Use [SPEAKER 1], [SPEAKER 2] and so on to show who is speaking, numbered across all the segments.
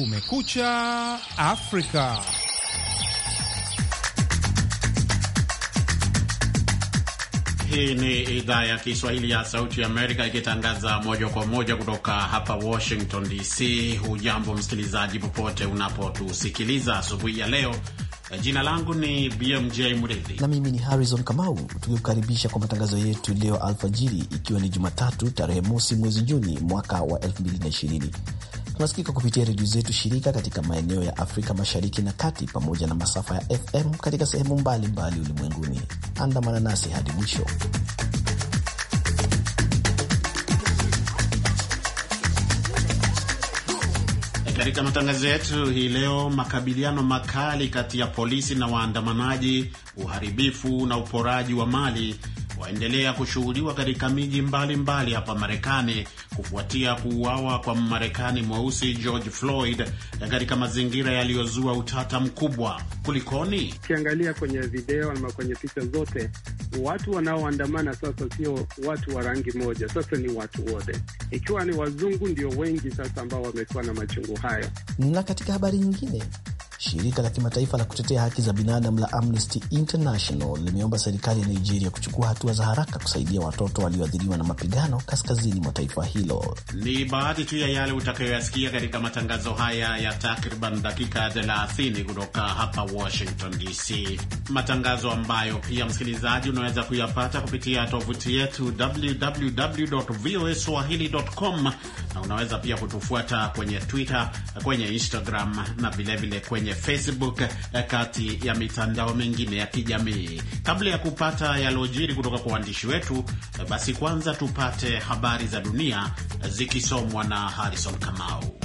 [SPEAKER 1] Kumekucha Afrika. Hii ni idhaa
[SPEAKER 2] ya Kiswahili ya Sauti ya Amerika ikitangaza moja kwa moja kutoka hapa Washington DC. Hujambo msikilizaji, popote unapotusikiliza asubuhi ya leo. Jina langu ni BMJ Mridhi
[SPEAKER 3] na mimi ni Harrison Kamau, tukikukaribisha kwa matangazo yetu leo alfajiri, ikiwa ni Jumatatu tarehe mosi mwezi Juni mwaka wa 2020. Tunasikika kupitia redio zetu shirika katika maeneo ya Afrika Mashariki na Kati, pamoja na masafa ya FM katika sehemu mbalimbali ulimwenguni. Andamana nasi hadi mwisho.
[SPEAKER 2] Katika matangazo yetu hii leo, makabiliano makali kati ya polisi na waandamanaji, uharibifu na uporaji wa mali waendelea kushuhudiwa katika miji mbalimbali hapa Marekani kufuatia kuuawa kwa Mmarekani mweusi George Floyd katika mazingira yaliyozua utata mkubwa. Kulikoni?
[SPEAKER 1] Ukiangalia kwenye video ama kwenye picha zote, watu wanaoandamana sasa sio watu wa rangi moja, sasa ni watu wote, ikiwa ni wazungu ndio wengi sasa ambao wamekuwa na machungu hayo.
[SPEAKER 3] Na katika habari nyingine Shirika la kimataifa la kutetea haki za binadamu la Amnesty International limeomba serikali ya Nigeria kuchukua hatua za haraka kusaidia watoto walioathiriwa na mapigano kaskazini mwa taifa hilo.
[SPEAKER 2] Ni baadhi tu ya yale utakayoyasikia katika matangazo haya ya takriban dakika 30 kutoka hapa Washington DC, matangazo ambayo pia msikilizaji unaweza kuyapata kupitia tovuti yetu www voa swahili.com, na unaweza pia kutufuata kwenye Twitter, kwenye Instagram na vilevile kwenye kwenye Facebook kati ya mitandao mingine ya kijamii. Kabla ya kupata yalojiri kutoka kwa waandishi wetu, basi kwanza tupate habari za dunia zikisomwa na Harrison Kamau.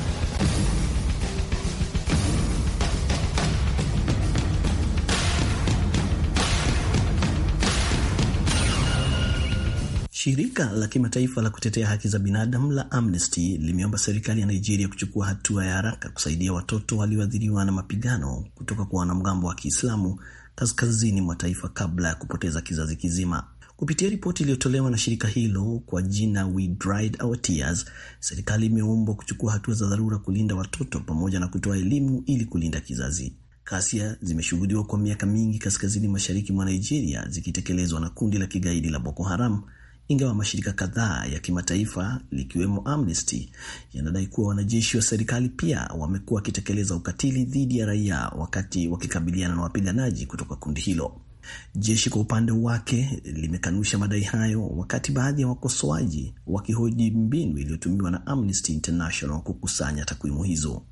[SPEAKER 3] Shirika la kimataifa la kutetea haki za binadamu la Amnesty limeomba serikali ya Nigeria kuchukua hatua ya haraka kusaidia watoto walioathiriwa na mapigano kutoka kwa wanamgambo wa Kiislamu kaskazini mwa taifa kabla ya kupoteza kizazi kizima. Kupitia ripoti iliyotolewa na shirika hilo kwa jina We Dried Our Tears, serikali imeumbwa kuchukua hatua za dharura kulinda watoto pamoja na kutoa elimu ili kulinda kizazi. Ghasia zimeshuhudiwa kwa miaka mingi kaskazini mashariki mwa Nigeria, zikitekelezwa na kundi la kigaidi la Boko Haram ingawa mashirika kadhaa ya kimataifa likiwemo Amnesty yanadai kuwa wanajeshi wa serikali pia wamekuwa wakitekeleza ukatili dhidi ya raia wakati wakikabiliana na wapiganaji kutoka kundi hilo. Jeshi kwa upande wake limekanusha madai hayo, wakati baadhi ya wakosoaji wakihoji mbinu iliyotumiwa na Amnesty International kukusanya takwimu hizo.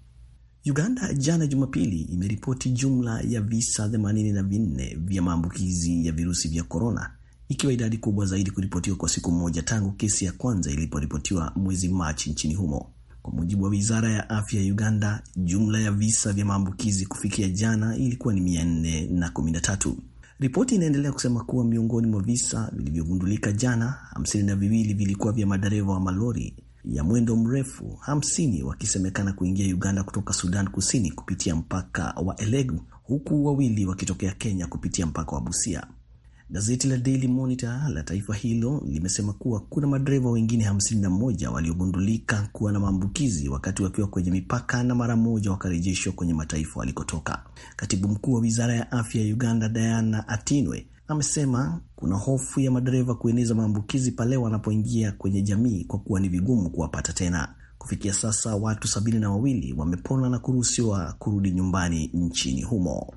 [SPEAKER 3] Uganda jana Jumapili imeripoti jumla ya visa 84 vya maambukizi ya virusi vya korona ikiwa idadi kubwa zaidi kuripotiwa kwa siku moja tangu kesi ya kwanza iliporipotiwa mwezi Machi nchini humo. Kwa mujibu wa wizara ya afya ya Uganda, jumla ya visa vya maambukizi kufikia jana ilikuwa ni 413. Ripoti inaendelea kusema kuwa miongoni mwa visa vilivyogundulika jana, hamsini na viwili vilikuwa vya madereva wa malori ya mwendo mrefu, hamsini wakisemekana kuingia Uganda kutoka Sudan Kusini kupitia mpaka wa Elegu, huku wawili wakitokea Kenya kupitia mpaka wa Busia. Gazeti la Daily Monitor la taifa hilo limesema kuwa kuna madereva wengine 51 waliogundulika kuwa na maambukizi wakati wakiwa kwenye mipaka na mara moja wakarejeshwa kwenye mataifa walikotoka. Katibu mkuu wa wizara ya afya ya Uganda, Diana Atinwe, amesema kuna hofu ya madereva kueneza maambukizi pale wanapoingia kwenye jamii kwa kuwa ni vigumu kuwapata tena. Kufikia sasa watu sabini na wawili wamepona na kuruhusiwa kurudi nyumbani nchini humo.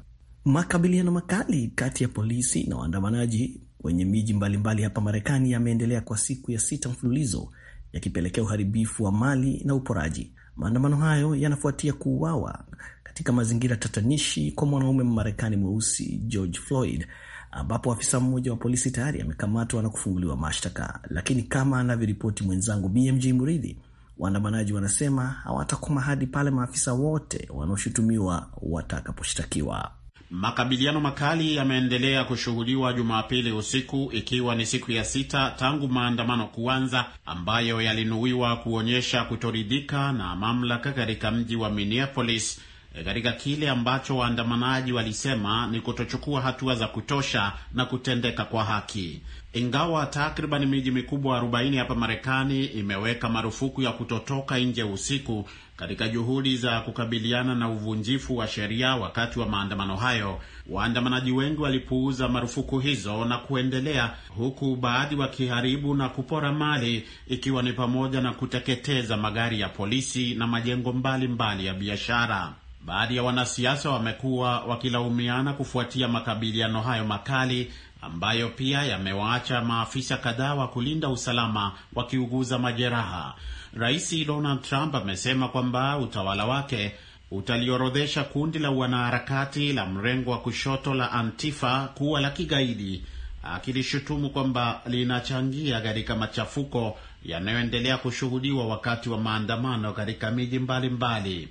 [SPEAKER 3] Makabiliano makali kati ya polisi na waandamanaji kwenye miji mbalimbali hapa Marekani yameendelea kwa siku ya sita mfululizo yakipelekea uharibifu wa mali na uporaji. Maandamano hayo yanafuatia kuuawa katika mazingira tatanishi kwa mwanaume Mmarekani mweusi George Floyd, ambapo afisa mmoja wa polisi tayari amekamatwa na kufunguliwa mashtaka. Lakini kama anavyoripoti mwenzangu BMJ Muridhi, waandamanaji wanasema hawatakoma hadi pale maafisa wote wanaoshutumiwa watakaposhtakiwa.
[SPEAKER 2] Makabiliano makali yameendelea kushuhudiwa Jumapili usiku ikiwa ni siku ya sita tangu maandamano kuanza ambayo yalinuiwa kuonyesha kutoridhika na mamlaka katika mji wa Minneapolis E, katika kile ambacho waandamanaji walisema ni kutochukua hatua za kutosha na kutendeka kwa haki. Ingawa takriban miji mikubwa 40 hapa Marekani imeweka marufuku ya kutotoka nje usiku katika juhudi za kukabiliana na uvunjifu wa sheria wakati wa maandamano hayo, waandamanaji wengi walipuuza marufuku hizo na kuendelea, huku baadhi wakiharibu na kupora mali, ikiwa ni pamoja na kuteketeza magari ya polisi na majengo mbalimbali mbali ya biashara. Baadhi ya wanasiasa wamekuwa wakilaumiana kufuatia makabiliano hayo makali ambayo pia yamewaacha maafisa kadhaa wa kulinda usalama wakiuguza majeraha. Rais Donald Trump amesema kwamba utawala wake utaliorodhesha kundi la wanaharakati la mrengo wa kushoto la Antifa kuwa la kigaidi, akilishutumu kwamba linachangia katika machafuko yanayoendelea kushuhudiwa wakati wa maandamano katika miji mbalimbali mbali.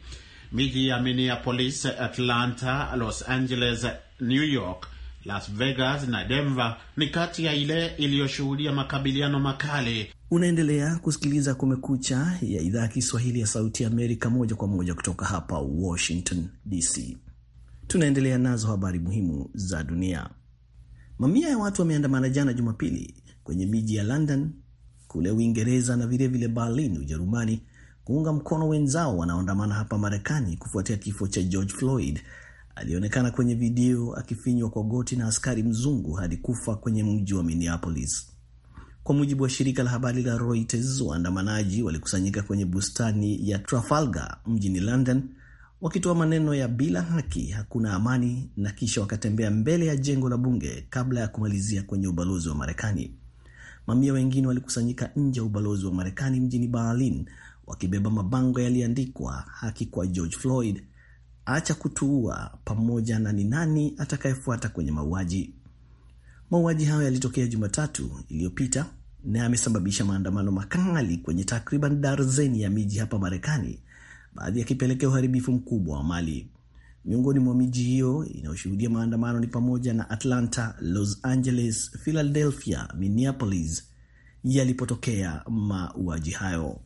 [SPEAKER 2] Miji ya Minneapolis, Atlanta, Los Angeles, New York, Las Vegas na Denver ni kati ya ile iliyoshuhudia makabiliano makali.
[SPEAKER 3] Unaendelea kusikiliza Kumekucha ya idhaa ya Kiswahili ya Sauti ya Amerika, moja kwa moja kutoka hapa Washington DC. Tunaendelea nazo habari muhimu za dunia. Mamia ya watu wameandamana jana Jumapili kwenye miji ya London kule Uingereza na vilevile Berlin, Ujerumani kuunga mkono wenzao wanaoandamana hapa Marekani kufuatia kifo cha George Floyd alionekana kwenye video akifinywa kwa goti na askari mzungu hadi kufa kwenye mji wa Minneapolis. Kwa mujibu wa shirika la habari la Reuters, waandamanaji walikusanyika kwenye bustani ya Trafalgar mjini London wakitoa maneno ya bila haki, hakuna amani, na kisha wakatembea mbele ya jengo la bunge kabla ya kumalizia kwenye ubalozi wa Marekani. Mamia wengine walikusanyika nje ya ubalozi wa Marekani mjini Berlin wakibeba mabango yaliandikwa haki kwa George Floyd, acha kutuua, pamoja na ni nani atakayefuata kwenye mauaji. Mauaji hayo yalitokea Jumatatu iliyopita na yamesababisha maandamano makali kwenye takriban darzeni ya miji hapa Marekani, baadhi yakipelekea uharibifu mkubwa wa mali. Miongoni mwa miji hiyo inayoshuhudia maandamano ni pamoja na Atlanta, Los Angeles, Philadelphia, Minneapolis yalipotokea mauaji hayo.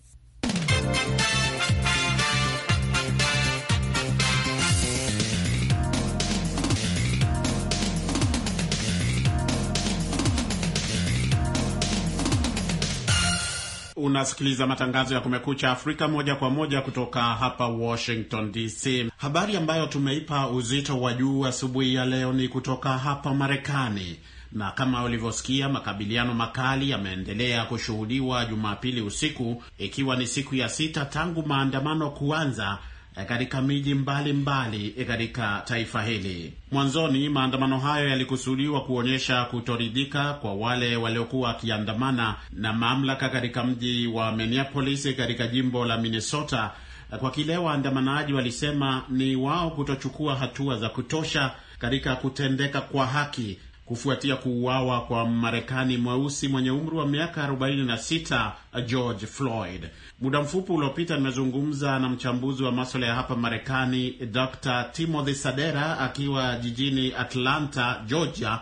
[SPEAKER 2] Unasikiliza matangazo ya Kumekucha Afrika moja kwa moja kutoka hapa Washington DC. Habari ambayo tumeipa uzito wa juu asubuhi ya leo ni kutoka hapa Marekani na kama ulivyosikia, makabiliano makali yameendelea kushuhudiwa Jumapili usiku, ikiwa ni siku ya sita tangu maandamano kuanza eh, katika miji mbalimbali eh, katika taifa hili. Mwanzoni maandamano hayo yalikusudiwa kuonyesha kutoridhika kwa wale waliokuwa wakiandamana na mamlaka katika mji wa Minneapolis eh, katika jimbo la Minnesota kwa kile waandamanaji walisema ni wao kutochukua hatua za kutosha katika kutendeka kwa haki kufuatia kuuawa kwa Marekani mweusi mwenye umri wa miaka 46 George Floyd. Muda mfupi uliopita, nimezungumza na mchambuzi wa maswala ya hapa Marekani Dr. Timothy Sadera akiwa jijini Atlanta, Georgia,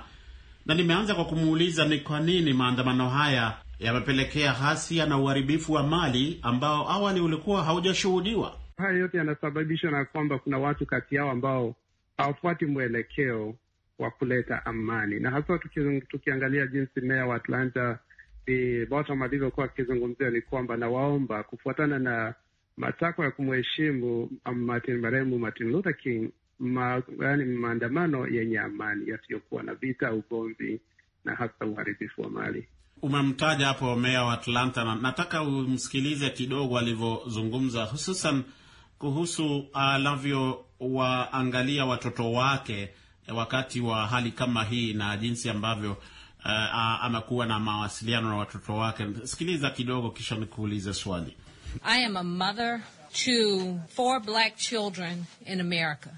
[SPEAKER 2] na nimeanza kwa kumuuliza ni kwa nini maandamano haya
[SPEAKER 1] yamepelekea hasia na uharibifu wa
[SPEAKER 2] mali ambao awali ulikuwa haujashuhudiwa.
[SPEAKER 1] Haya yote yanasababishwa na kwamba kuna watu kati yao ambao hawafuati mwelekeo wa kuleta amani, na hasa tukiangalia jinsi meya wa Atlanta Bi Bottom alivyokuwa akizungumzia ni kwamba nawaomba kufuatana na matakwa ya kumheshimu um, Martin marehemu Martin Luther King ma, yani maandamano yenye amani yasiyokuwa na vita, ugomvi na hasa uharibifu wa mali.
[SPEAKER 2] Umemtaja hapo meya wa Atlanta na nataka umsikilize kidogo alivyozungumza, hususan kuhusu uh, alivyowaangalia watoto wake Eh, wakati wa hali kama hii na jinsi ambavyo uh, eh, amekuwa na mawasiliano na watoto wake. Sikiliza kidogo, kisha nikuulize swali.
[SPEAKER 4] I am a mother to four black children in America.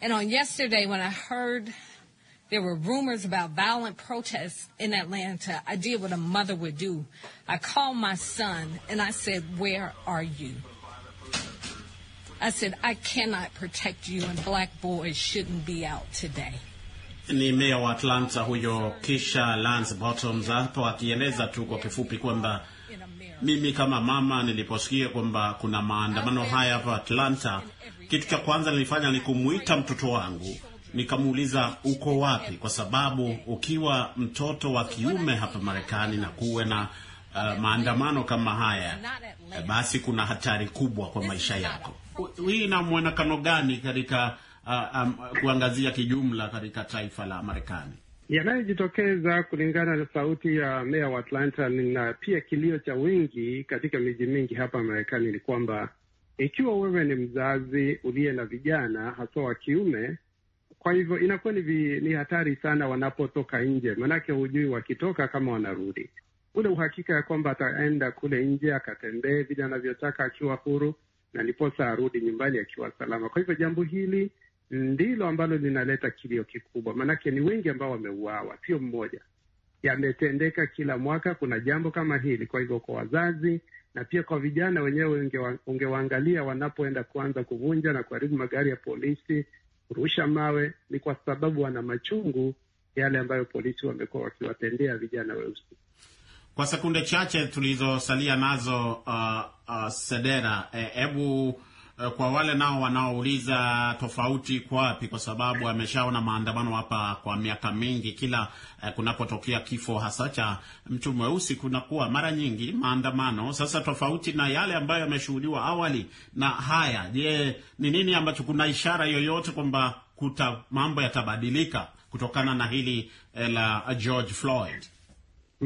[SPEAKER 4] And on yesterday when I heard there were rumors about violent protests in Atlanta, I did what a mother would do. I called my son and I said, "Where are you?" I said, I cannot protect you and black boys shouldn't be out today.
[SPEAKER 2] Ni meya wa Atlanta huyo Kisha Lance Bottoms hapo akieleza tu kwa kifupi kwamba mimi kama mama niliposikia kwamba kuna maandamano haya hapa Atlanta, kitu cha kwanza nilifanya ni kumwita mtoto wangu nikamuuliza uko wapi, kwa sababu ukiwa mtoto wa kiume hapa Marekani na kuwe na uh, maandamano kama haya, eh, basi kuna hatari kubwa kwa maisha yako hii ina mwonekano gani katika uh, um, kuangazia kijumla katika taifa la Marekani?
[SPEAKER 1] Yanayojitokeza kulingana na sauti ya meya wa Atlanta na pia kilio cha wengi katika miji mingi hapa Marekani ni kwamba ikiwa wewe ni mzazi uliye na vijana haswa wa kiume, kwa hivyo inakuwa ni, ni hatari sana wanapotoka nje, maanake hujui wakitoka kama wanarudi, ule uhakika ya kwamba ataenda kule nje akatembee vile anavyotaka akiwa huru na ndiposa arudi nyumbani akiwa salama. Kwa hivyo jambo hili ndilo ambalo linaleta kilio kikubwa, maanake ni wengi ambao wameuawa, sio mmoja. Yametendeka kila mwaka, kuna jambo kama hili. Kwa hivyo kwa wazazi na pia kwa vijana wenyewe, ungewaangalia wanapoenda kuanza kuvunja na kuharibu magari ya polisi, kurusha mawe, ni kwa sababu wana machungu yale ambayo polisi wamekuwa wakiwatendea vijana weusi. Kwa
[SPEAKER 2] sekunde chache tulizosalia nazo, uh, uh, Sedera, hebu eh, uh, eh, kwa wale nao wanaouliza tofauti kwa wapi, kwa sababu ameshaona maandamano hapa kwa miaka mingi, kila uh, kunapotokea kifo hasa cha mtu mweusi kunakuwa mara nyingi maandamano. Sasa tofauti na yale ambayo yameshuhudiwa awali na haya, je, ni nini ambacho, kuna ishara yoyote kwamba kuta mambo yatabadilika kutokana na hili la George Floyd?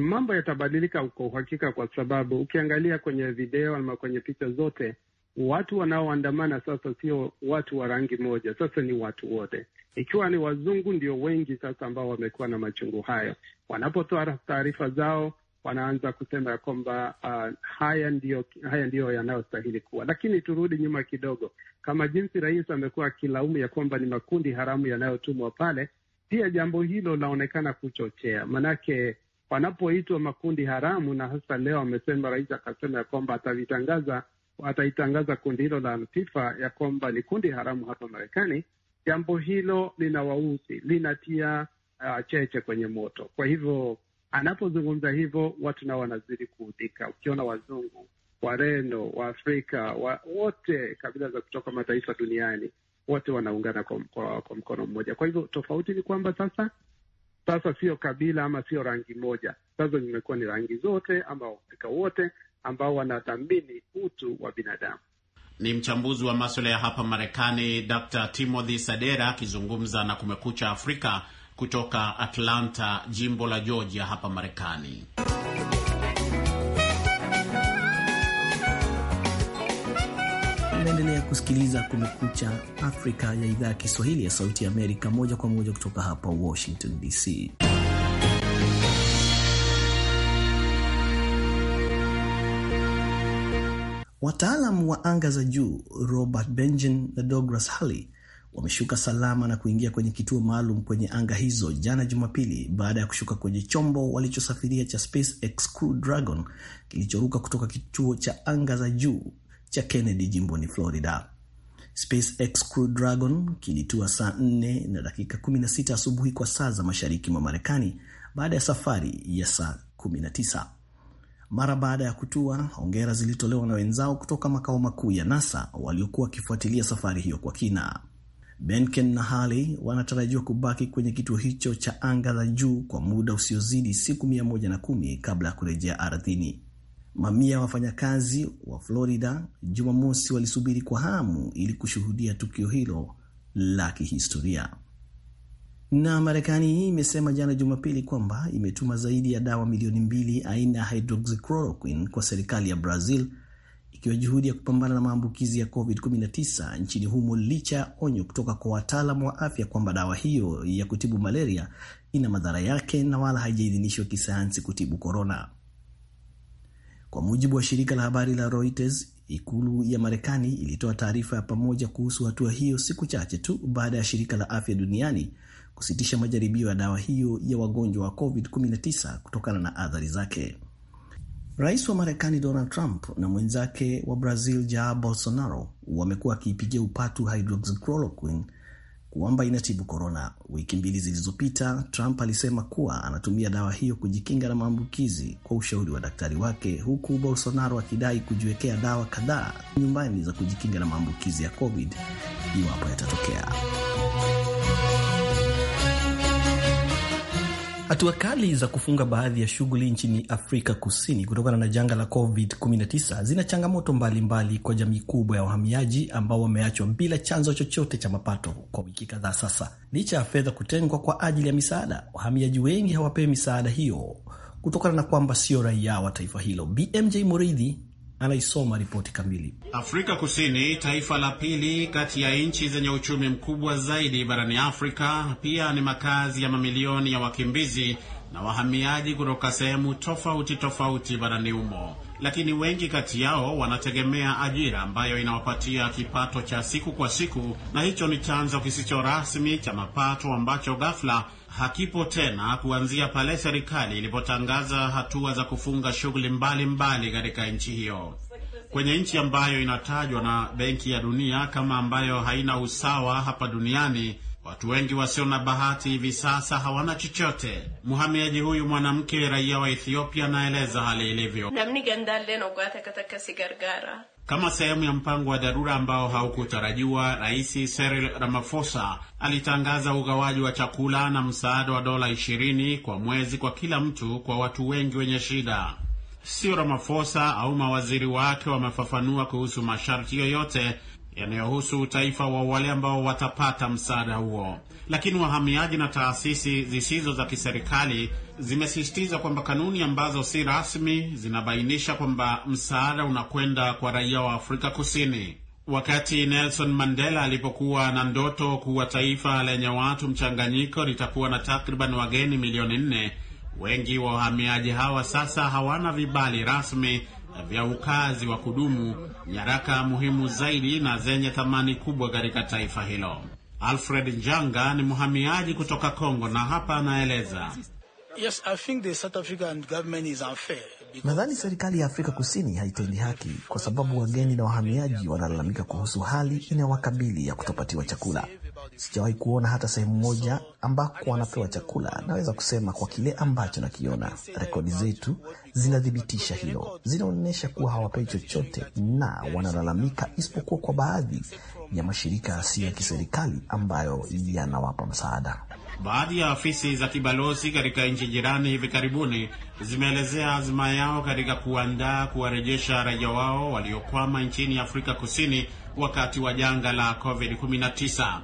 [SPEAKER 1] mambo yatabadilika kwa uhakika, kwa sababu ukiangalia kwenye video ama kwenye picha zote, watu wanaoandamana sasa sio watu wa rangi moja, sasa ni watu wote, ikiwa ni wazungu ndio wengi sasa ambao wamekuwa na machungu hayo. Wanapotoa taarifa zao wanaanza kusema ya kwamba uh, haya ndiyo, haya ndiyo yanayostahili kuwa. Lakini turudi nyuma kidogo, kama jinsi rais amekuwa akilaumu ya kwamba ni makundi haramu yanayotumwa pale, pia jambo hilo laonekana kuchochea manake wanapoitwa makundi haramu, na hasa leo amesema rais akasema ya kwamba atavitangaza ataitangaza kundi hilo la Antifa ya kwamba ni kundi haramu hapa Marekani. Jambo hilo linawauzi, linatia uh, cheche kwenye moto. Kwa hivyo anapozungumza hivyo, watu nao wanazidi kuudhika. Ukiona wazungu, Wareno, Waafrika wa, wote kabila za kutoka mataifa duniani wote wanaungana kwa, kwa, kwa mkono mmoja. Kwa hivyo tofauti ni kwamba sasa sasa sio kabila ama sio rangi moja, sasa zimekuwa ni rangi zote ama Waafrika wote ambao wanathamini utu wa binadamu.
[SPEAKER 2] Ni mchambuzi wa maswala ya hapa Marekani, Dr. Timothy Sadera akizungumza na Kumekucha Afrika kutoka Atlanta, jimbo la Georgia hapa Marekani.
[SPEAKER 3] Unaendelea kusikiliza Kumekucha Afrika ya idhaa ya Kiswahili ya Sauti ya Amerika, moja kwa moja kutoka hapa Washington DC. Wataalam wa anga za juu Robert benjin na Douglas Hurley wameshuka salama na kuingia kwenye kituo maalum kwenye anga hizo jana Jumapili, baada ya kushuka kwenye chombo walichosafiria cha SpaceX Crew Dragon kilichoruka kutoka kituo cha anga za juu cha Kennedy jimboni Florida. SpaceX Crew Dragon kilitua saa 4 na dakika 16 asubuhi kwa saa za mashariki mwa Marekani baada ya safari ya saa 19. Mara baada ya kutua, hongera zilitolewa na wenzao kutoka makao makuu ya NASA waliokuwa wakifuatilia safari hiyo kwa kina. Benken na haley wanatarajiwa kubaki kwenye kituo hicho cha anga la juu kwa muda usiozidi siku 110 kabla ya kurejea ardhini. Mamia ya wafanyakazi wa Florida Jumamosi walisubiri kwa hamu ili kushuhudia tukio hilo la kihistoria. Na Marekani hii imesema jana Jumapili kwamba imetuma zaidi ya dawa milioni mbili aina ya hydroxychloroquine kwa serikali ya Brazil ikiwa juhudi ya kupambana na maambukizi ya COVID-19 nchini humo licha ya onyo kutoka kwa wataalam wa afya kwamba dawa hiyo ya kutibu malaria ina madhara yake na wala haijaidhinishwa kisayansi kutibu korona. Kwa mujibu wa shirika la habari la Reuters, ikulu ya Marekani ilitoa taarifa ya pamoja kuhusu hatua hiyo siku chache tu baada ya shirika la afya duniani kusitisha majaribio ya dawa hiyo ya wagonjwa wa COVID-19 kutokana na athari zake. Rais wa Marekani Donald Trump na mwenzake wa Brazil Jair Bolsonaro wamekuwa wakiipigia upatu hydroxychloroquine kwamba inatibu korona. Wiki mbili zilizopita, Trump alisema kuwa anatumia dawa hiyo kujikinga na maambukizi kwa ushauri wa daktari wake, huku Bolsonaro akidai kujiwekea dawa kadhaa nyumbani za kujikinga na maambukizi ya COVID iwapo yatatokea. Hatua kali za kufunga baadhi ya shughuli nchini Afrika Kusini kutokana na janga la COVID-19 zina changamoto mbalimbali kwa jamii kubwa ya wahamiaji ambao wameachwa bila chanzo chochote cha mapato kwa wiki kadhaa sasa. Licha ya fedha kutengwa kwa ajili ya misaada, wahamiaji wengi hawapewi misaada hiyo kutokana na kwamba sio raia wa taifa hilo. BMJ Muridhi anaisoma ripoti kamili.
[SPEAKER 2] Afrika Kusini, taifa la pili kati ya nchi zenye uchumi mkubwa zaidi barani Afrika, pia ni makazi ya mamilioni ya wakimbizi na wahamiaji kutoka sehemu tofauti tofauti barani humo, lakini wengi kati yao wanategemea ajira ambayo inawapatia kipato cha siku kwa siku, na hicho ni chanzo kisicho rasmi cha mapato ambacho ghafla hakipo tena kuanzia pale serikali ilipotangaza hatua za kufunga shughuli mbalimbali katika nchi hiyo. Kwenye nchi ambayo inatajwa na Benki ya Dunia kama ambayo haina usawa hapa duniani, watu wengi wasio na bahati hivi sasa hawana chochote. Mhamiaji huyu mwanamke raia wa Ethiopia anaeleza hali ilivyo. Kama sehemu ya mpango wa dharura ambao haukutarajiwa, Rais Cyril Ramaphosa alitangaza ugawaji wa chakula na msaada wa dola 20 kwa mwezi kwa kila mtu kwa watu wengi wenye shida. Sio Ramaphosa au mawaziri wake wamefafanua kuhusu masharti yoyote yanayohusu utaifa wa wale ambao watapata msaada huo, lakini wahamiaji na taasisi zisizo za kiserikali zimesisitiza kwamba kanuni ambazo si rasmi zinabainisha kwamba msaada unakwenda kwa raia wa Afrika Kusini. Wakati Nelson Mandela alipokuwa na ndoto kuwa taifa lenye watu mchanganyiko litakuwa na takriban wageni milioni nne, wengi wa wahamiaji hawa sasa hawana vibali rasmi vya ukazi wa kudumu, nyaraka muhimu zaidi na zenye thamani kubwa katika taifa hilo. Alfred Njanga ni mhamiaji kutoka Kongo na hapa anaeleza. Yes, I think the South African government is unfair.
[SPEAKER 3] Nadhani serikali ya Afrika Kusini haitendi haki kwa sababu wageni na wahamiaji wanalalamika kuhusu hali inayowakabili ya kutopatiwa chakula. Sijawahi kuona hata sehemu moja ambako wanapewa chakula. Naweza kusema kwa kile ambacho nakiona, rekodi zetu zinathibitisha hilo, zinaonyesha kuwa hawapewi chochote na wanalalamika, isipokuwa kwa baadhi ya mashirika yasiyo ya kiserikali ambayo yanawapa msaada.
[SPEAKER 2] Baadhi ya ofisi za kibalozi katika nchi jirani hivi karibuni zimeelezea azma yao katika kuandaa kuwarejesha raia wao waliokwama nchini Afrika Kusini wakati wa janga la COVID-19.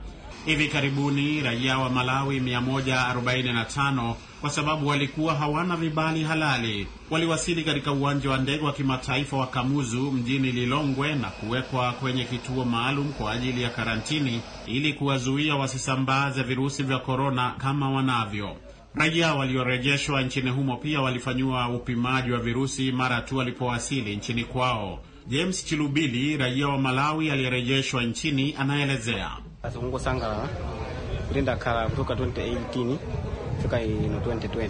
[SPEAKER 2] Hivi karibuni raia wa Malawi 145 kwa sababu walikuwa hawana vibali halali waliwasili katika uwanja wa ndege wa kimataifa wa Kamuzu mjini Lilongwe na kuwekwa kwenye kituo maalum kwa ajili ya karantini ili kuwazuia wasisambaze virusi vya korona kama wanavyo. Raia waliorejeshwa nchini humo pia walifanyiwa upimaji wa virusi mara tu walipowasili nchini kwao. James Chilubili, raia wa Malawi aliyerejeshwa nchini, anaelezea. Azunguko Sangala kulinda kala kutoka 2018
[SPEAKER 1] fika 2020.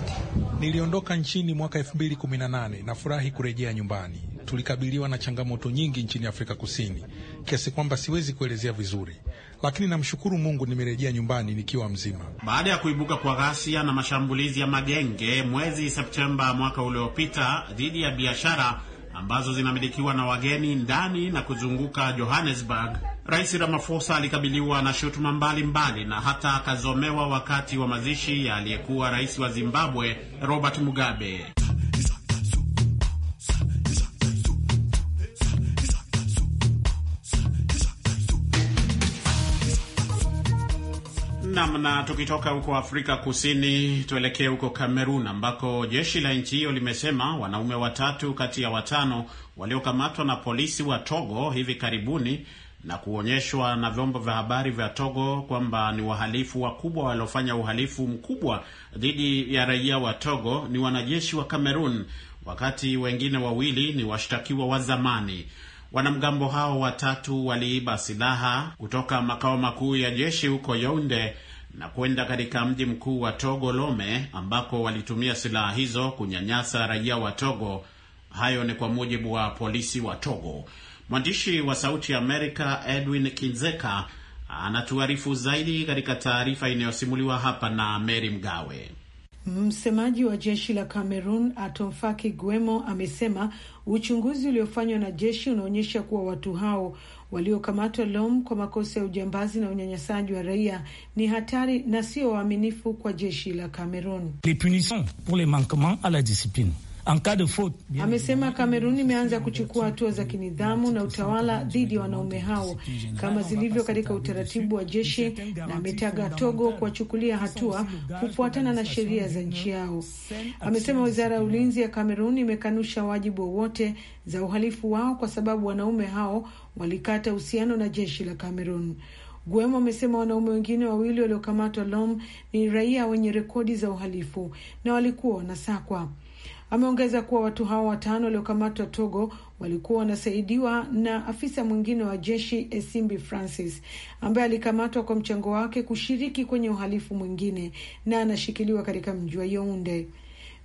[SPEAKER 1] Niliondoka nchini mwaka 2018 na furahi kurejea nyumbani. Tulikabiliwa na changamoto nyingi nchini Afrika Kusini kiasi kwamba siwezi kuelezea vizuri, lakini namshukuru Mungu nimerejea nyumbani nikiwa mzima.
[SPEAKER 2] Baada ya kuibuka kwa ghasia na mashambulizi ya magenge mwezi Septemba mwaka uliopita dhidi ya biashara ambazo zinamilikiwa na wageni ndani na kuzunguka Johannesburg, Rais Ramaphosa alikabiliwa na shutuma mbalimbali na hata akazomewa wakati wa mazishi ya aliyekuwa rais wa Zimbabwe Robert Mugabe. Nam. Na tukitoka huko Afrika Kusini, tuelekee huko Kamerun ambako jeshi la nchi hiyo limesema wanaume watatu kati ya watano waliokamatwa na polisi wa Togo hivi karibuni na kuonyeshwa na vyombo vya habari vya Togo kwamba ni wahalifu wakubwa waliofanya uhalifu mkubwa dhidi ya raia wa Togo ni wanajeshi wa Kamerun, wakati wengine wawili ni washtakiwa wa zamani. Wanamgambo hao watatu waliiba silaha kutoka makao makuu ya jeshi huko younde na kwenda katika mji mkuu wa Togo, Lome, ambako walitumia silaha hizo kunyanyasa raia wa Togo. Hayo ni kwa mujibu wa polisi wa Togo. Mwandishi wa Sauti ya Amerika Edwin Kinzeka anatuarifu zaidi katika taarifa inayosimuliwa hapa na Mary Mgawe.
[SPEAKER 4] Msemaji wa jeshi la Cameroon Atomfaki gwemo amesema uchunguzi uliofanywa na jeshi unaonyesha kuwa watu hao waliokamatwa Lom kwa makosa ya ujambazi na unyanyasaji wa raia ni hatari na sio waaminifu kwa jeshi la Cameroon.
[SPEAKER 3] Les punitions pour les manquements la discipline
[SPEAKER 4] Amesema Kamerun imeanza kuchukua hatua za kinidhamu na utawala dhidi ya wanaume hao kama zilivyo katika utaratibu wa jeshi, na ametaga Togo kuwachukulia hatua kufuatana na sheria za nchi yao. Amesema wizara ya ulinzi ya Kamerun imekanusha wajibu wowote za uhalifu wao kwa sababu wanaume hao walikata uhusiano na jeshi la Kamerun. Gwemo amesema wanaume wengine wawili waliokamatwa Lom ni raia wenye rekodi za uhalifu na walikuwa wanasakwa. Ameongeza kuwa watu hao watano waliokamatwa Togo walikuwa wanasaidiwa na afisa mwingine wa jeshi Esimbi Francis ambaye alikamatwa kwa mchango wake kushiriki kwenye uhalifu mwingine na anashikiliwa katika mji wa Younde.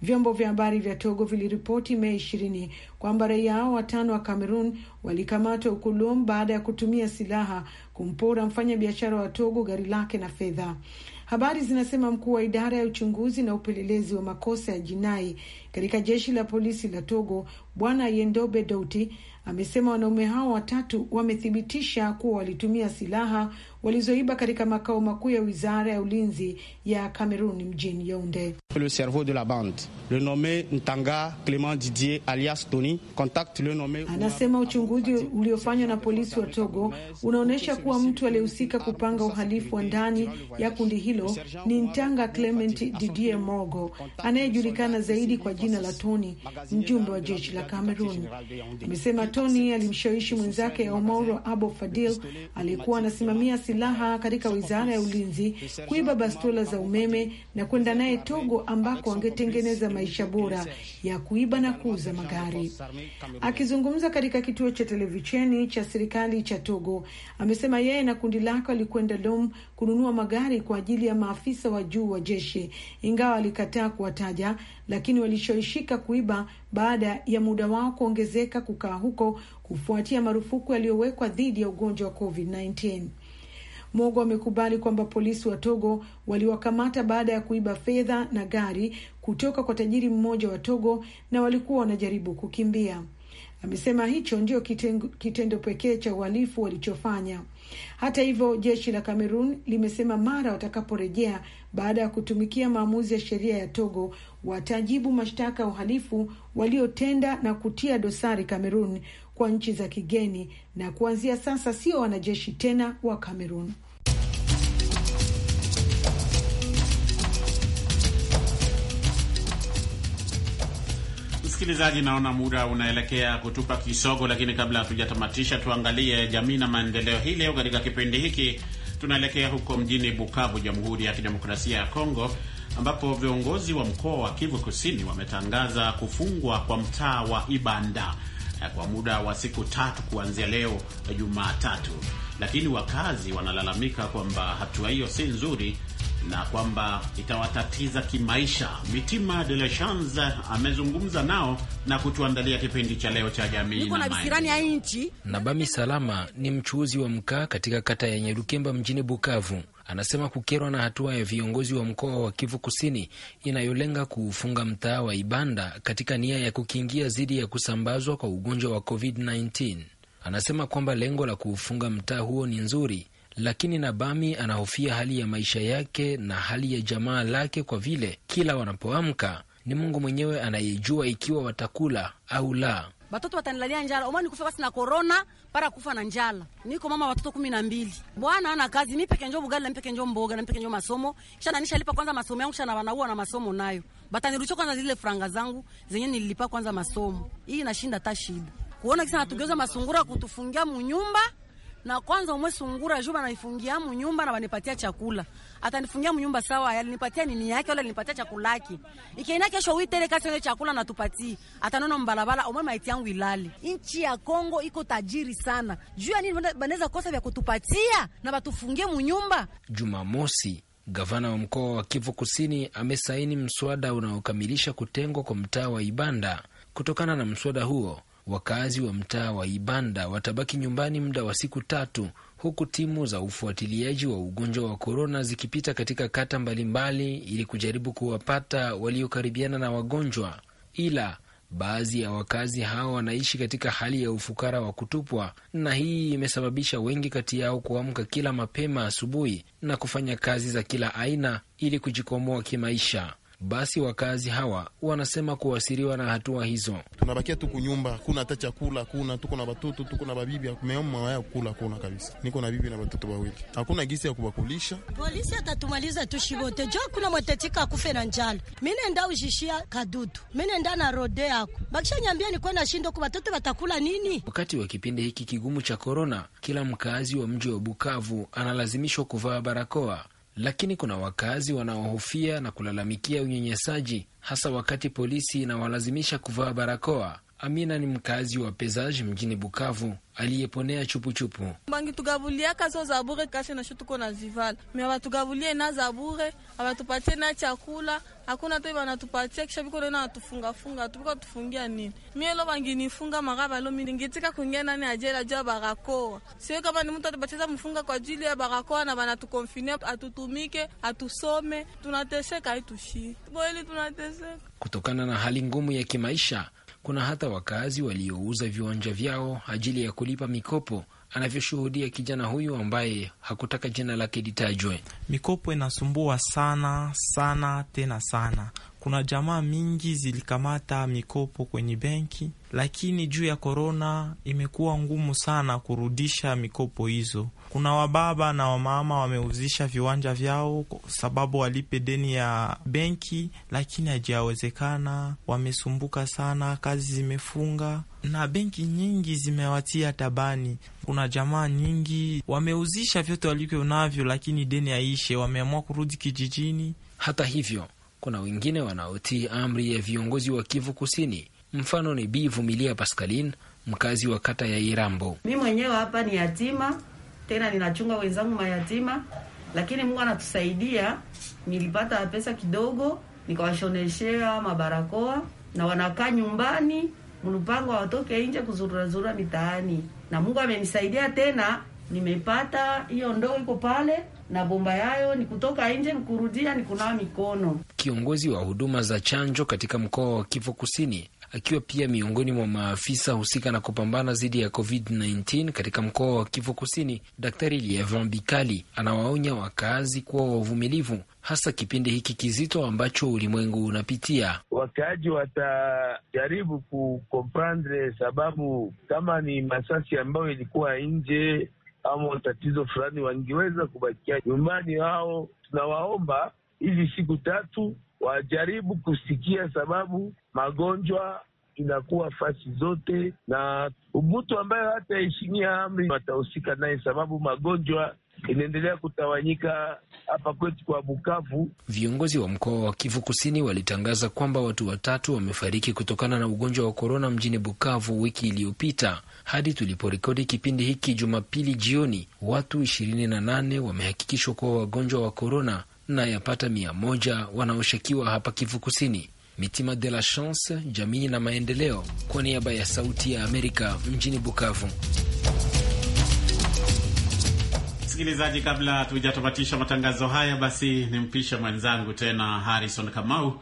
[SPEAKER 4] Vyombo vya habari vya Togo viliripoti Mei ishirini kwamba raia hao watano wa Cameroon walikamatwa Ukulum baada ya kutumia silaha kumpora mfanya biashara wa Togo gari lake na fedha. Habari zinasema mkuu wa idara ya uchunguzi na upelelezi wa makosa ya jinai katika jeshi la polisi la Togo, Bwana Yendobe Douti amesema wanaume hao watatu wamethibitisha kuwa walitumia silaha walizoiba katika makao makuu ya wizara ya ulinzi ya cameron mjini Yaunde.
[SPEAKER 2] Le cerveau de la bande le nomme Ntanga Clement Didier alias Tony le nomme.
[SPEAKER 4] Anasema uchunguzi uliofanywa na polisi wa Togo unaonyesha kuwa mtu aliyehusika kupanga uhalifu wa ndani ya kundi hilo ni Ntanga Clement Didier Mogo anayejulikana zaidi kwa jina la Tony, mjumbe wa jeshi la Kamerun. Amesema Tony alimshawishi mwenzake Omoro Abo Fadil aliyekuwa anasimamia silaha katika wizara ya ulinzi, kuiba bastola za umeme na kwenda naye Togo ambako angetengeneza maisha bora ya kuiba na kuuza magari. Akizungumza katika kituo cha televisheni cha serikali cha Togo, amesema yeye na kundi lake walikwenda Lom kununua magari kwa ajili ya maafisa wa juu wa jeshi, ingawa alikataa kuwataja, lakini walishawishika kuiba baada ya muda wao kuongezeka kukaa huko kufuatia marufuku yaliyowekwa dhidi ya ugonjwa wa COVID-19. Mogo amekubali kwamba polisi wa Togo waliwakamata baada ya kuiba fedha na gari kutoka kwa tajiri mmoja wa Togo na walikuwa wanajaribu kukimbia. Amesema hicho ndio kitendo pekee cha uhalifu walichofanya. Hata hivyo, jeshi la Kamerun limesema mara watakaporejea baada ya kutumikia maamuzi ya sheria ya Togo, watajibu mashtaka ya uhalifu waliotenda na kutia dosari Kamerun kwa nchi za kigeni, na kuanzia sasa sio wanajeshi tena wa Kamerun.
[SPEAKER 2] Msikilizaji, naona muda unaelekea kutupa kisogo, lakini kabla hatujatamatisha, tuangalie jamii na maendeleo. Hii leo katika kipindi hiki tunaelekea huko mjini Bukavu, Jamhuri ya Kidemokrasia ya Kongo, ambapo viongozi wa mkoa wa Kivu Kusini wametangaza kufungwa kwa mtaa wa Ibanda Eh, kwa muda wa siku tatu kuanzia leo Jumatatu, lakini wakazi wanalalamika kwamba hatua hiyo si nzuri na kwamba itawatatiza kimaisha. Mitima de la Chance amezungumza nao na kutuandalia kipindi cha leo cha jamii na
[SPEAKER 5] Nabami Salama ni mchuuzi wa mkaa katika kata ya Nyerukemba mjini Bukavu anasema kukerwa na hatua ya viongozi wa mkoa wa Kivu Kusini inayolenga kuufunga mtaa wa Ibanda katika nia ya kukingia dhidi ya kusambazwa kwa ugonjwa wa COVID-19. Anasema kwamba lengo la kuufunga mtaa huo ni nzuri, lakini Nabami anahofia hali ya maisha yake na hali ya jamaa lake, kwa vile kila wanapoamka ni Mungu mwenyewe anayejua ikiwa watakula au la.
[SPEAKER 4] Batoto batanilalia njala, omani kufa basi na korona para kufa na njala. Niko mama watoto kumi na mbili, bwana ana kazi, mimi peke njo bugali na mimi peke njo mboga na mimi peke njo masomo. Kisha nanisha lipa kwanza masomo yangu, kisha na wanaua na masomo nayo batanirudisha kwanza zile franga zangu zenye nililipa kwanza masomo. Hii inashinda ta shida kuona kisa natugeuza masungura kutufungia munyumba na kwanza umwe sungura juba na naifungia mu nyumba na banipatia chakula. Atanifungia mu nyumba sawa, alinipatia nini yake wala alinipatia chakula yake. Ikienda kesho wite kasi ile chakula na tupatie. Atanona mbalabala umwe maiti yangu ilale. Nchi ya Kongo iko tajiri sana. Juu ya nini banaweza kosa vya kutupatia na batufungie mu nyumba?
[SPEAKER 5] Jumamosi Gavana wa mkoa wa Kivu Kusini amesaini mswada unaokamilisha kutengwa kwa mtaa wa Ibanda. Kutokana na mswada huo wakazi wa mtaa wa Ibanda watabaki nyumbani muda wa siku tatu huku timu za ufuatiliaji wa ugonjwa wa korona zikipita katika kata mbalimbali ili kujaribu kuwapata waliokaribiana na wagonjwa. Ila baadhi ya wakazi hao wanaishi katika hali ya ufukara wa kutupwa, na hii imesababisha wengi kati yao kuamka kila mapema asubuhi na kufanya kazi za kila aina ili kujikomoa kimaisha. Basi wakazi hawa wanasema kuwasiriwa na hatua hizo. Tunabakia tu
[SPEAKER 2] kunyumba, kuna hata chakula kuna, tuko na batoto, tuko na babibi, meamawaya kula kuna kabisa. Niko na bibi na batoto wawili, hakuna gisi ya kubakulisha.
[SPEAKER 4] Polisi atatumaliza tushibote jo, kuna mwetetika akufe na njala. Mi nenda ushishia kadudu, mi nenda na rode yako bakisha nyambia, nikuwe
[SPEAKER 5] na shindo kwa batoto watakula nini? Wakati wa kipindi hiki kigumu cha korona, kila mkazi wa mji wa Bukavu analazimishwa kuvaa barakoa lakini kuna wakazi wanaohofia na kulalamikia unyenyesaji hasa wakati polisi inawalazimisha kuvaa barakoa. Amina ni mkazi wa Pesage mjini Bukavu aliyeponea chupuchupu.
[SPEAKER 4] bangitugavuliaka zo za bure kashe na shutuko na zival. me abatugavulie na za bure abatupatie na chakula hakuna to banatupatia kisha biko nena atufungafunga tubiko tufungia nini mie lo banginifunga magaba lo mingitika kuingia ndani ya jela jua barakoa sio kama ni mtu atubatiza mfunga kwa ajili ya barakoa na banatukonfinia atutumike atusome tunateseka
[SPEAKER 5] itushi bweli tunateseka kutokana na hali ngumu ya kimaisha kuna hata wakazi waliouza viwanja vyao ajili ya kulipa mikopo, anavyoshuhudia kijana huyu ambaye hakutaka jina lake litajwe.
[SPEAKER 3] Mikopo inasumbua sana sana tena sana kuna jamaa mingi zilikamata mikopo kwenye benki, lakini juu ya korona imekuwa ngumu sana kurudisha mikopo hizo. Kuna wababa na wamama wameuzisha viwanja vyao sababu walipe deni ya benki, lakini hajawezekana. Wamesumbuka sana, kazi zimefunga na benki nyingi zimewatia tabani. Kuna jamaa nyingi wameuzisha vyote walivyo navyo, lakini deni aishe, wameamua kurudi kijijini. Hata hivyo
[SPEAKER 5] kuna wengine wanaotii amri ya viongozi wa Kivu Kusini, mfano ni Bi Vumilia Pascaline, mkazi wa kata ya Irambo.
[SPEAKER 4] Mi mwenyewe hapa ni yatima, tena ninachunga wenzangu mayatima, lakini Mungu anatusaidia. Nilipata pesa kidogo, nikawashoneshea mabarakoa na wanakaa nyumbani mlupango watoke nje kuzurazura mitaani, na Mungu amenisaidia tena, nimepata hiyo ndoo iko pale na bomba yayo ni kutoka nje ni kurudia ni kunawa mikono.
[SPEAKER 5] Kiongozi wa huduma za chanjo katika mkoa wa Kivu Kusini akiwa pia miongoni mwa maafisa husika na kupambana dhidi ya COVID-19 katika mkoa wa Kivu Kusini, Daktari Lievan Bikali anawaonya wakaazi kuwa wavumilivu, hasa kipindi hiki kizito ambacho ulimwengu unapitia. Wakaaji watajaribu kukomprendre, sababu kama ni masasi ambayo ilikuwa nje ama wana tatizo fulani, wangeweza kubakia nyumbani. Hao tunawaomba hizi siku tatu wajaribu kusikia, sababu magonjwa inakuwa fasi zote, na mtu ambayo hataheshimia amri watahusika naye, sababu magonjwa inaendelea kutawanyika hapa kwetu kwa Bukavu. Viongozi wa mkoa wa Kivu Kusini walitangaza kwamba watu watatu wamefariki kutokana na ugonjwa wa korona mjini Bukavu wiki iliyopita. Hadi tuliporekodi kipindi hiki Jumapili jioni, watu 28 wamehakikishwa kuwa wagonjwa wa korona na yapata mia moja wanaoshakiwa hapa Kivu Kusini. Mitima de la Chance, jamii na maendeleo, kwa niaba ya Sauti ya Amerika mjini Bukavu
[SPEAKER 2] msikilizaji, kabla tujatamatisha matangazo haya, basi nimpishe mwenzangu tena Harrison Kamau,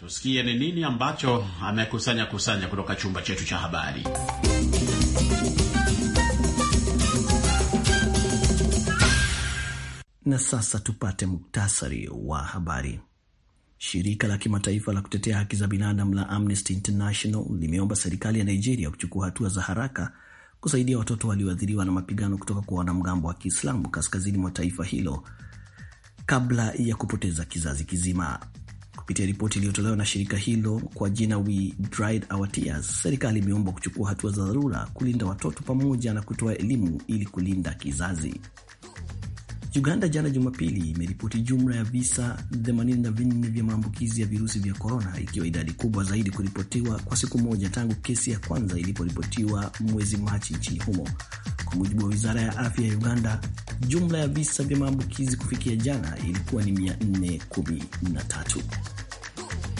[SPEAKER 2] tusikie ni nini ambacho amekusanya kusanya kutoka chumba chetu cha habari.
[SPEAKER 3] Na sasa tupate muktasari wa habari. Shirika la kimataifa la kutetea haki za binadamu la Amnesty International limeomba serikali ya Nigeria kuchukua hatua za haraka kusaidia watoto walioathiriwa na mapigano kutoka kwa wanamgambo wa Kiislamu kaskazini mwa taifa hilo kabla ya kupoteza kizazi kizima. Kupitia ripoti iliyotolewa na shirika hilo kwa jina We Dried Our Tears, serikali imeomba kuchukua hatua za dharura kulinda watoto pamoja na kutoa elimu ili kulinda kizazi. Uganda jana Jumapili imeripoti jumla ya visa 84 vya maambukizi ya virusi vya korona, ikiwa idadi kubwa zaidi kuripotiwa kwa siku moja tangu kesi ya kwanza iliporipotiwa mwezi Machi nchini humo. Kwa mujibu wa wizara ya afya ya Uganda, jumla ya visa vya maambukizi kufikia jana ilikuwa ni 413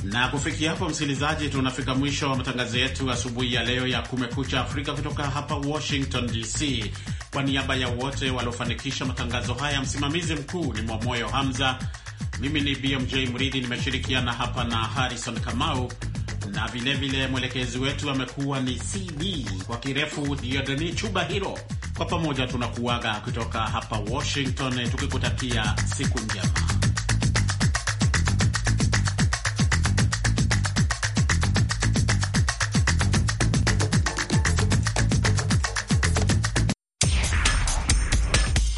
[SPEAKER 2] na kufikia hapo, msikilizaji, tunafika mwisho wa matangazo yetu asubuhi ya leo ya Kumekucha Afrika kutoka hapa Washington DC. Kwa niaba ya wote waliofanikisha matangazo haya, msimamizi mkuu ni Mwamoyo Hamza, mimi ni BMJ Mridhi, nimeshirikiana hapa na Harrison Kamau na vilevile mwelekezi wetu amekuwa ni CD kwa kirefu Diodeni Chuba Hiro. Kwa pamoja tunakuaga kutoka hapa Washington tukikutakia siku njema.